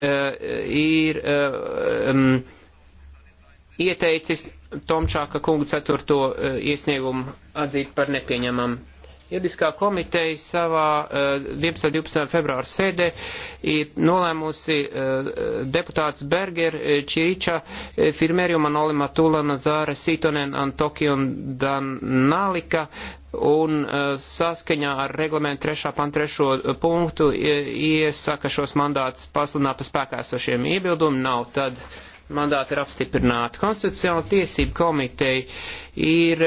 Eh, ir um, ieteicis Tomčāka kungu ceturto eh, iesniegumu atzīt par nepieņemamu. Juridiskā komiteja savā 11. Eh, 12. februāra sēdē ir nolēmusi eh, deputāts Berger, eh, Čiriča, Firmeriju, Manoli Matula, Nazāra, Sitonen, Antoki un Danalika un saskaņā ar reglamentu 3. pan 3. punktu iesaka šos mandātus pasludināt pa spēkā esošiem iebildumi nav tad mandāti ir apstiprināti. Konstitucionāla tiesība komiteja ir